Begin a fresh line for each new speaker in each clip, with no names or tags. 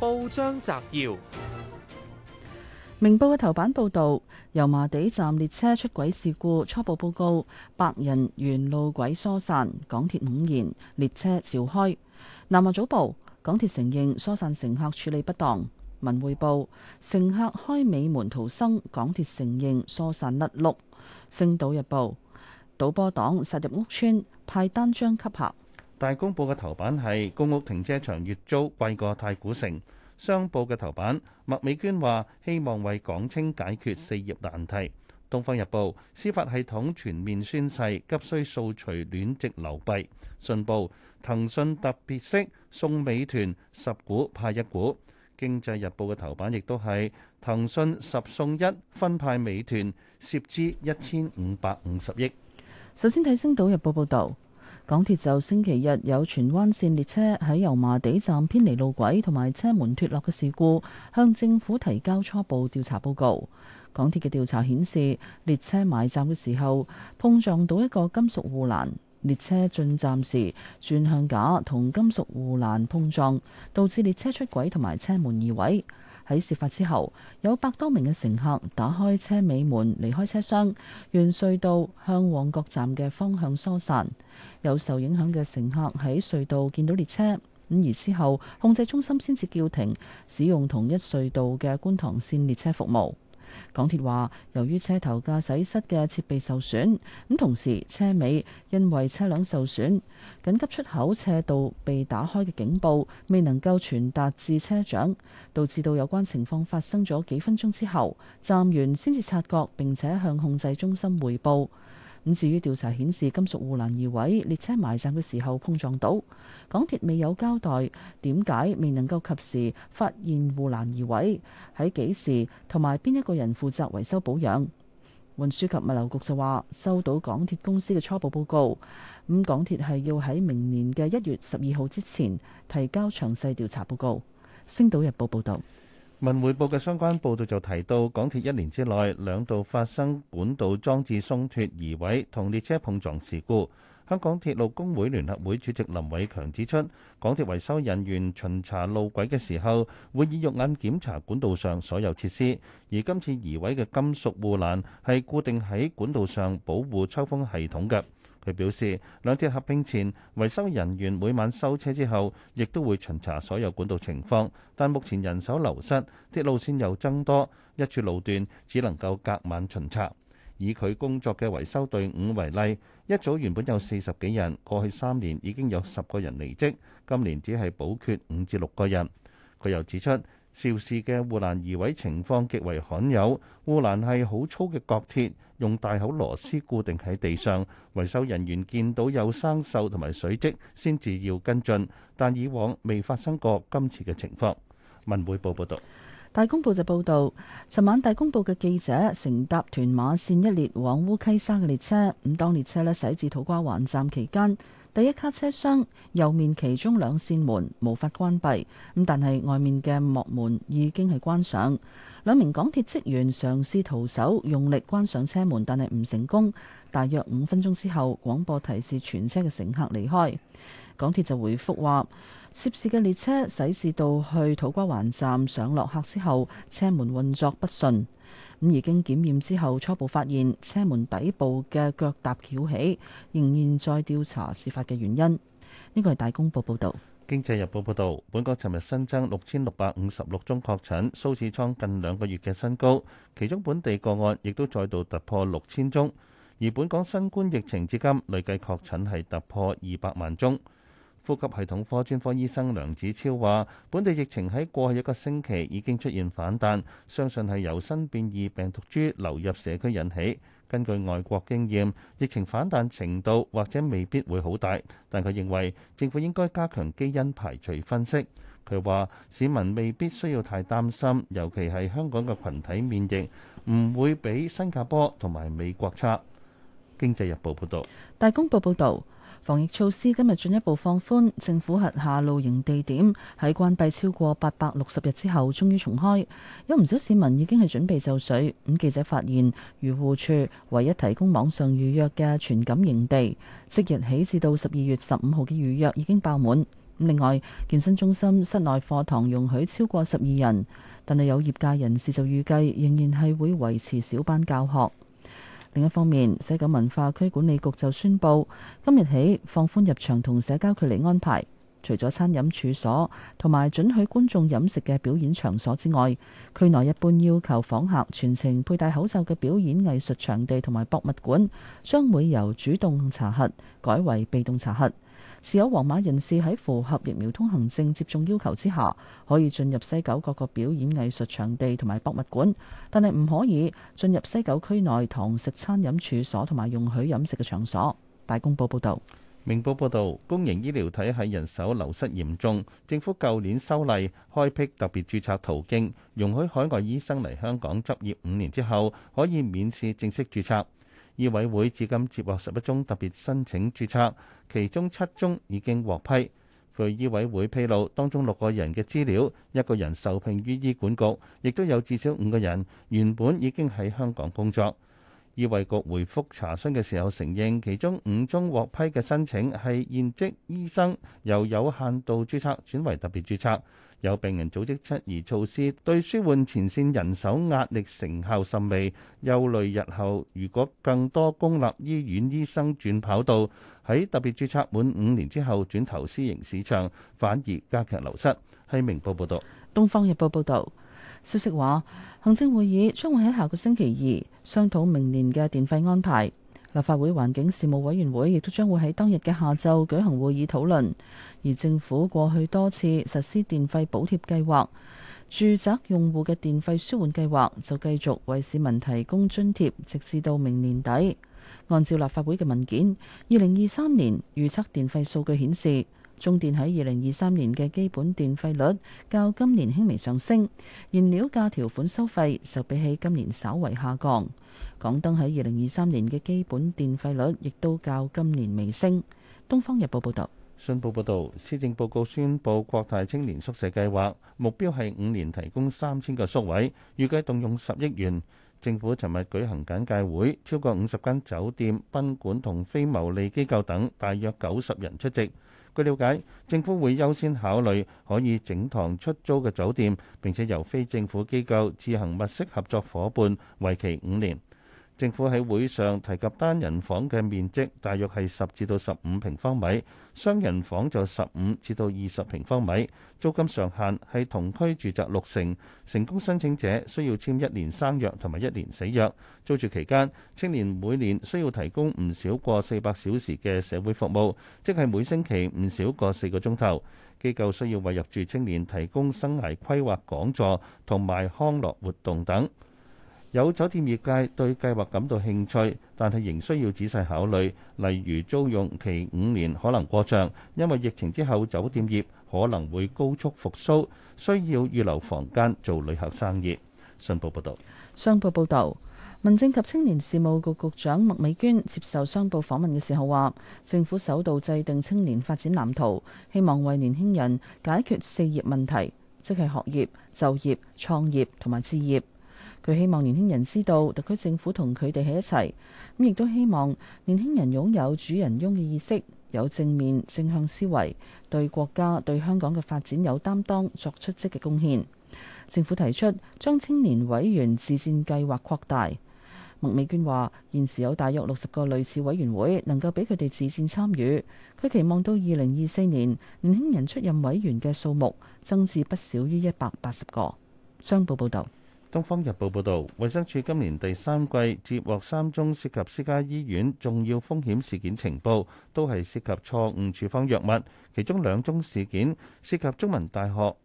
報章摘要：
明報嘅頭版報道，油麻地站列車出軌事故初步報告，百人沿路軌疏散，港鐵五言列車繞開。南華早報，港鐵承認疏散乘客處理不當。文匯報，乘客開尾門逃生，港鐵承認疏散甩轆。星島日報，賭波黨殺入屋村派單張吸客。
大公報嘅頭版係公屋停車場月租貴過太古城。商報嘅頭版，麥美娟話希望為港青解決四業難題。《東方日報》司法系統全面宣誓，急需掃除戀殖流弊。信報，騰訊特別息送美團十股派一股。《經濟日報》嘅頭版亦都係騰訊十送一分派美團，涉資一千五百五十億。
首先睇《星島日報》報道。港鐵就星期日有荃灣線列車喺油麻地站偏離路軌同埋車門脫落嘅事故，向政府提交初步調查報告。港鐵嘅調查顯示，列車埋站嘅時候碰撞到一個金屬護欄，列車進站時轉向架同金屬護欄碰撞，導致列車出軌同埋車門移位。喺事發之後，有百多名嘅乘客打開車尾門離開車廂，沿隧道向旺角站嘅方向疏散。有受影響嘅乘客喺隧道見到列車，咁而之後控制中心先至叫停使用同一隧道嘅觀塘線列車服務。港鐵話，由於車頭駕駛室嘅設備受損，咁同時車尾因為車輛受損，緊急出口斜道被打開嘅警報未能夠傳達至車長，導致到有關情況發生咗幾分鐘之後，站員先至察覺並且向控制中心回報。咁至於調查顯示金屬護欄移位，列車埋站嘅時候碰撞到，港鐵未有交代點解未能夠及時發現護欄移位喺幾時，同埋邊一個人負責維修保養。運輸及物流局就話收到港鐵公司嘅初步報告，咁港鐵係要喺明年嘅一月十二號之前提交詳細調查報告。《星島日報》報道。
文匯報嘅相關報道，就提到港鐵一年之內兩度發生管道裝置鬆脫移位同列車碰撞事故。香港鐵路工會聯合會主席林偉強指出，港鐵維修人員巡查路軌嘅時候會以肉眼檢查管道上所有設施，而今次移位嘅金屬護欄係固定喺管道上保護抽風系統嘅。佢表示，兩鐵合併前，維修人員每晚收車之後，亦都會巡查所有管道情況。但目前人手流失，鐵路線又增多，一處路段只能夠隔晚巡查。以佢工作嘅維修隊伍為例，一組原本有四十幾人，過去三年已經有十個人離職，今年只係補缺五至六個人。佢又指出，肇事嘅護欄移位情況極為罕有。護欄係好粗嘅角鐵，用大口螺絲固定喺地上。維修人員見到有生鏽同埋水跡先至要跟進，但以往未發生過今次嘅情況。文匯報報道。
大公報就報道尋晚大公報嘅記者乘搭屯馬綫一列往烏溪沙嘅列車，咁當列車咧駛至土瓜灣站期間，第一卡車廂右面其中兩扇門無法關閉，咁但係外面嘅幕門已經係關上。兩名港鐵職員嘗試徒手用力關上車門，但係唔成功。大約五分鐘之後，廣播提示全車嘅乘客離開。港鐵就回覆話，涉事嘅列車駛至到去土瓜灣站上落客之後，車門運作不順。咁已經檢驗之後，初步發現車門底部嘅腳踏翹起，仍然在調查事發嘅原因。呢個係大公報報導，
《經濟日報》報導，本港尋日新增六千六百五十六宗確診，數字創近兩個月嘅新高，其中本地個案亦都再度突破六千宗，而本港新冠疫情至今累計確診係突破二百萬宗。呼吸系統科專科醫生梁子超話，本地疫情喺過去一個星期已經出現反彈，相信係由新變異病毒株流入社區引起。根據外國經驗，疫情反彈程度或者未必會好大。但佢認為政府應該加強基因排除分析。佢話：市民未必需要太擔心，尤其係香港嘅群體免疫唔會比新加坡同埋美國差。經濟日報報導，
大公報報導。防疫措施今日進一步放寬，政府轄下露營地點喺關閉超過八百六十日之後，終於重開。有唔少市民已經係準備就緒。咁記者發現，漁護署唯一提供網上預約嘅全感營地，即日起至到十二月十五號嘅預約已經爆滿。另外，健身中心、室內課堂容許超過十二人，但係有業界人士就預計仍然係會維持小班教學。另一方面，西九文化區管理局就宣布，今日起放寬入場同社交距離安排，除咗餐飲處所同埋准許觀眾飲食嘅表演場所之外，區內一般要求訪客全程佩戴口罩嘅表演藝術場地同埋博物館，將會由主動查核改為被動查核。持有皇馬人士喺符合疫苗通行證接種要求之下，可以進入西九各個表演藝術場地同埋博物館，但係唔可以進入西九區內堂食餐飲處所同埋容許飲食嘅場所。大公報報道。明報報
道，公營醫療體系人手流失嚴重，政府舊年修例開闢特別註冊途徑，容許海外醫生嚟香港執業五年之後可以免試正式註冊。醫委會至今接獲十一宗特別申請注冊，其中七宗已經獲批。據醫委會披露，當中六個人嘅資料，一個人受聘於醫管局，亦都有至少五個人原本已經喺香港工作。醫衛局回覆查詢嘅時候承認，其中五宗獲批嘅申請係現職醫生，由有限度注冊轉為特別注冊。有病人組織質疑措施對舒緩前線人手壓力成效甚微，憂慮日後如果更多公立醫院醫生轉跑道，喺特別註冊滿五年之後轉投私營市場，反而加劇流失。係明報報導。《
東方日報》報導消息話，行政會議將會喺下個星期二商討明年嘅電費安排。立法會環境事務委員會亦都將會喺當日嘅下晝舉行會議討論，而政府過去多次實施電費補貼計劃，住宅用戶嘅電費舒緩計劃就繼續為市民提供津貼，直至到明年底。按照立法會嘅文件，二零二三年預測電費數據顯示，中電喺二零二三年嘅基本電費率較今年輕微上升，燃料價條款收費就比起今年稍為下降。港燈喺二零二三年嘅基本電費率亦都較今年微升。《東方日報》報道，
《信報》報道，施政報告宣布擴大青年宿舍計劃，目標係五年提供三千個宿位，預計動用十億元。政府尋日舉行簡介會，超過五十間酒店、賓館同非牟利機構等，大約九十人出席。據了解，政府會優先考慮可以整堂出租嘅酒店，並且由非政府機構自行物色合作伙伴，為期五年。政府喺會上提及單人房嘅面積大約係十至到十五平方米，雙人房就十五至到二十平方米。租金上限係同區住宅六成。成功申請者需要簽一年生約同埋一年死約。租住期間，青年每年需要提供唔少過四百小時嘅社會服務，即係每星期唔少過四個鐘頭。機構需要為入住青年提供生涯規劃講座同埋康樂活動等。有酒店業界對計劃感到興趣，但係仍需要仔細考慮，例如租用期五年可能過長，因為疫情之後酒店業可能會高速復甦，需要預留房間做旅客生意。信報報導，
商報報導，民政及青年事務局局長麥美娟接受商報訪問嘅時候話，政府首度制定青年發展藍圖，希望為年輕人解決四業問題，即係學業、就業、創業同埋置業。佢希望年輕人知道特區政府同佢哋喺一齊，咁亦都希望年輕人擁有主人翁嘅意識，有正面正向思維，對國家對香港嘅發展有擔當，作出積極貢獻。政府提出將青年委員自薦計劃擴大。麥美娟話：現時有大約六十個類似委員會能夠俾佢哋自薦參與。佢期望到二零二四年，年輕人出任委員嘅數目增至不少於一百八十個。商報報道。
《東方日報》報導，衛生署今年第三季接獲三宗涉及私家醫院重要風險事件情報，都係涉及錯誤處方藥物。其中兩宗事件涉及中文大學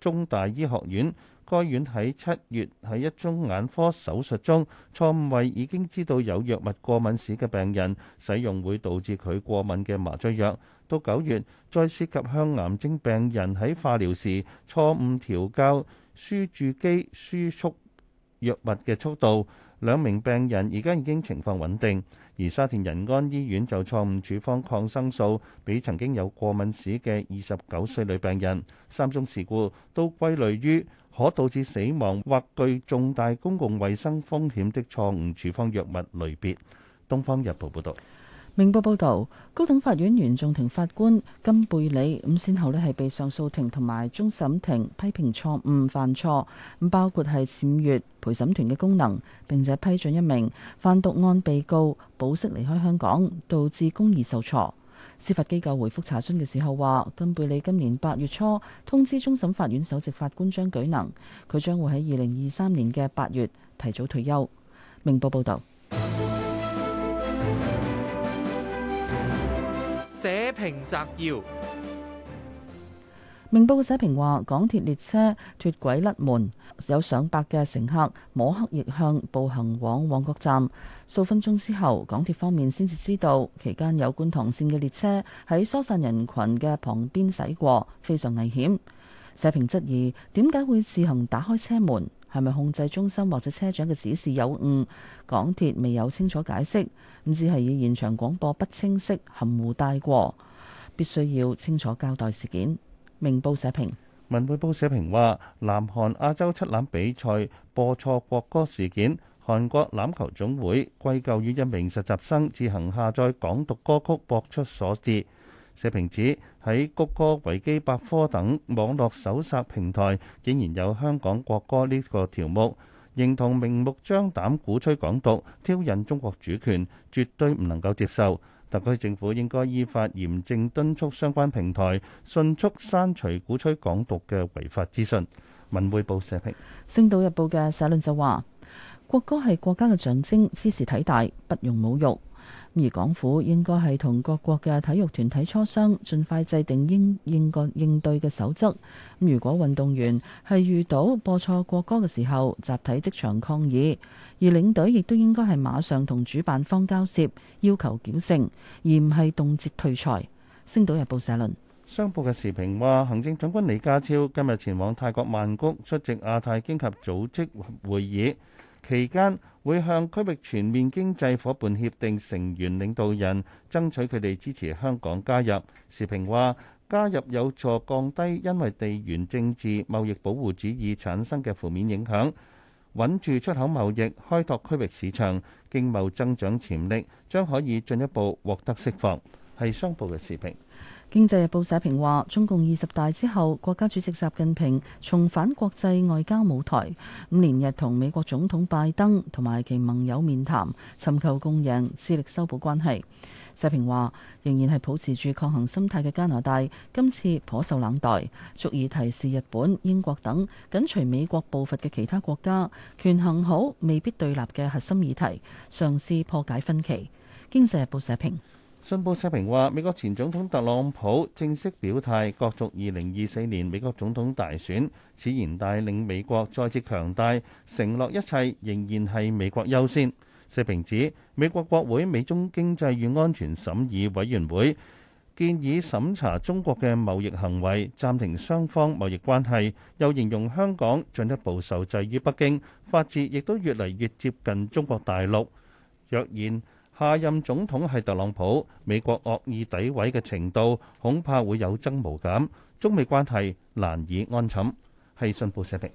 中大醫學院，該院喺七月喺一宗眼科手術中，錯誤為已經知道有藥物過敏史嘅病人使用會導致佢過敏嘅麻醉藥。到九月，再涉及向癌症病人喺化療時錯誤調校輸注機輸速藥物嘅速度，兩名病人而家已經情況穩定。而沙田仁安醫院就錯誤處方抗生素，俾曾經有過敏史嘅二十九歲女病人。三宗事故都歸類於可導致死亡或具重大公共衛生風險的錯誤處方藥物類別。《東方日報》報道。
明報報導，高等法院原訟庭法官金貝里咁先後咧係被上訴庭同埋終審庭批評錯誤犯錯，咁包括係僭越陪審團嘅功能，並且批准一名販毒案被告保釋離開香港，導致公義受挫。司法機構回覆查詢嘅時候話，金貝里今年八月初通知終審法院首席法官張舉能，佢將會喺二零二三年嘅八月提早退休。明報報導。社評摘要，明報社評話，港鐵列車脫軌甩門，有上百嘅乘客摸黑逆向步行往旺角站。數分鐘之後，港鐵方面先至知道期間有觀塘線嘅列車喺疏散人群嘅旁邊駛過，非常危險。社評質疑點解會自行打開車門？係咪控制中心或者車長嘅指示有誤？港鐵未有清楚解釋，唔只係以現場廣播不清晰含糊帶過，必須要清楚交代事件。明報社評。文匯報社評話，南
韓亞洲七欖比賽播錯國歌事件，韓國欖球總會歸咎於一名實習生自行下載港獨歌曲播出所致。社評指喺谷歌、維基百科等網絡搜索平台，竟然有香港國歌呢個條目，認同明目張膽鼓吹港獨、挑釁中國主權，絕對唔能夠接受。特區政府應該依法嚴正敦促相關平台，迅速刪除鼓吹港獨嘅違法資訊。文匯報社評，
《星島日報》嘅社論就話：國歌係國家嘅象徵，茲事體大，不容侮辱。而港府應該係同各國嘅體育團體磋商，盡快制定應應個應對嘅守則。如果運動員係遇到播錯國歌嘅時候，集體即場抗議，而領隊亦都應該係馬上同主辦方交涉，要求糾正，而唔係動輒退賽。星島日報社論。
商報嘅時評話，行政長官李家超今日前往泰國曼谷出席亞太經合組織會議。期間會向區域全面經濟夥伴協定成員領導人爭取佢哋支持香港加入。時評話，加入有助降低因為地緣政治、貿易保護主義產生嘅負面影響，穩住出口貿易、開拓區域市場、經貿增長潛力將可以進一步獲得釋放。係商報嘅時評。
經濟日報社評話，中共二十大之後，國家主席習近平重返國際外交舞台，五連日同美國總統拜登同埋其盟友面談，尋求共贏，致力修補關係。社評話，仍然係保持住抗衡心態嘅加拿大，今次頗受冷待，足以提示日本、英國等緊隨美國步伐嘅其他國家，權衡好未必對立嘅核心議題，嘗試破解分歧。經濟日報社評。
《信報》社評話，美國前總統特朗普正式表態角逐二零二四年美國總統大選，此言帶領美國再次強大，承諾一切仍然係美國優先。社評指美國國會美中經濟與安全審議委員會建議審查中國嘅貿易行為，暫停雙方貿易關係，又形容香港進一步受制於北京，法治亦都越嚟越接近中國大陸。若然，下任總統係特朗普，美國惡意詆毀嘅程度恐怕會有增無減，中美關係難以安枕。係信報社評。